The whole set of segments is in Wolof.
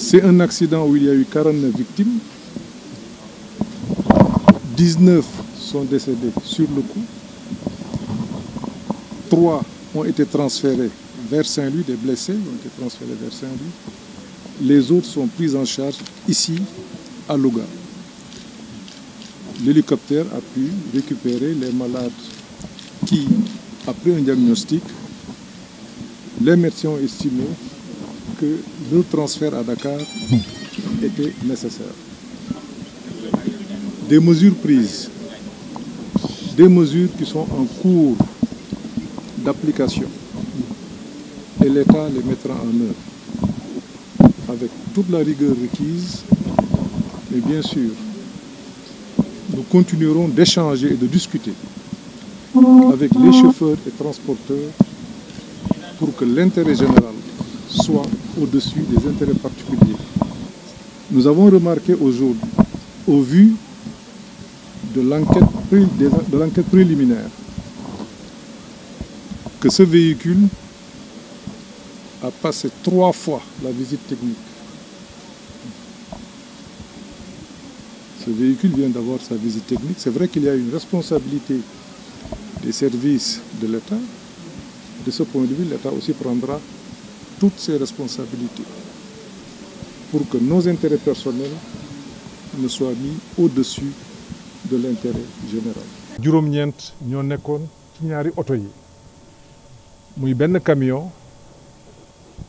C'est un accident où il y a eu 49 victimes. 19 sont sur le coup. 3 ont été transférés vers Saint-Louis, des blessés ont été transférés vers Les autres sont pris en charge ici, à Louga. L'hélicoptère a pu récupérer les malades qui, après un diagnostic, les que le transfert à Dakar était nécessaire. Des mesures prises, des mesures qui sont en cours d'application et l'État les mettra en œuvre avec toute la rigueur requise, mais bien sûr, nous continuerons d'échanger et de discuter avec les chauffeurs et transporteurs pour que l'intérêt général soit au-dessus des intérêts particuliers. Nous avons remarqué aujourd'hui, au vu de l'enquête préliminaire, que ce véhicule a passé trois fois la visite technique. Ce véhicule vient d'avoir sa visite technique. C'est vrai qu'il y a une responsabilité des services de l'État. De ce point de vue, l'État aussi prendra toutes ses responsabilités pour que nos intérêts personnels ne soient mis au-dessus de l'intérêt général. juróom-ñeent ñoo nekkoon ci ñaari oto yi muy benn camion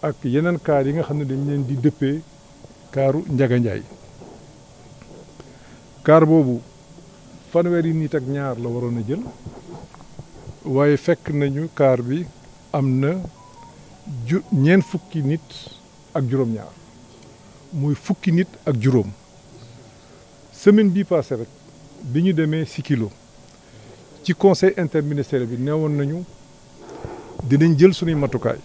ak yeneen kaar yi nga xam ne dañ leen di dëppee kaaru Njaga Njaay kaar boobu yi nit ak ñaar la waroon a jël waaye fekk nañu kaar bi am na. ju ñeent fukki nit ak juróom-ñaar muy fukki nit ak juróom semaine bii passé rek bi ñu demee si kilo ci conseil interministériel bi neewoon nañu dinañ jël sunuy matukaay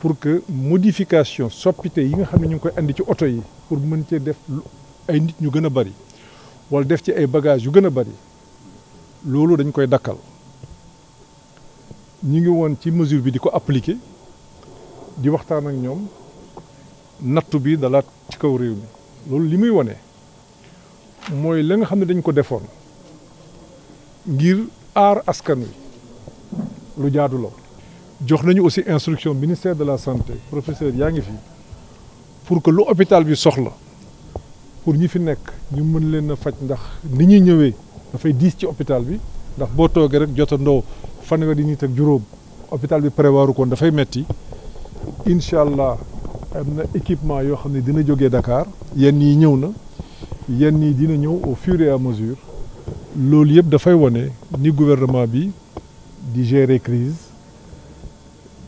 pour que modification soppite yi nga xam ne ñu ngi koy indi ci oto yi pour mën cee def ay nit ñu gën a bari wala def ci ay bagages yu gën a bari loolu dañ koy dakkal. ñu ngi woon ci mesure bi di ko appliquer di waxtaan ak ñoom nattu bi dalaat ci kaw réew mi loolu li muy wane mooy la nga xam ne dañ ko defoon ngir aar askan wi lu jaadu la jox nañu aussi instruction ministère de la santé professeur yaa ngi fii pour que lu hôpital bi soxla pour ñi fi nekk ñu mën leen faj ndax ni ñuy ñëwee dafay diis ci hôpital bi ndax boo toogee rek jotandoo yi nit ak juróom hôpital bi prévoiru koon dafay metti incha allah am na équipement yoo xam ne dina jógee dakaar yenn yi ñëw na yenn yi dina ñëw au fur et mesure loolu yëpp dafay wane ni gouvernement bi di gérer crise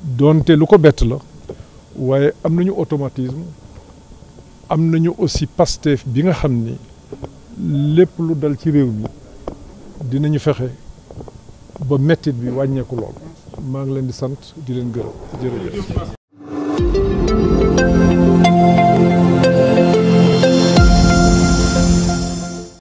doonte lu ko bett la waaye am nañu automatisme am nañu aussi Pastef bi nga xam ni lépp lu dal ci réew mi dinañu fexe ba mettit bi wàññeeku lool maa ngi leen di sant di leen gërëm jërëjëf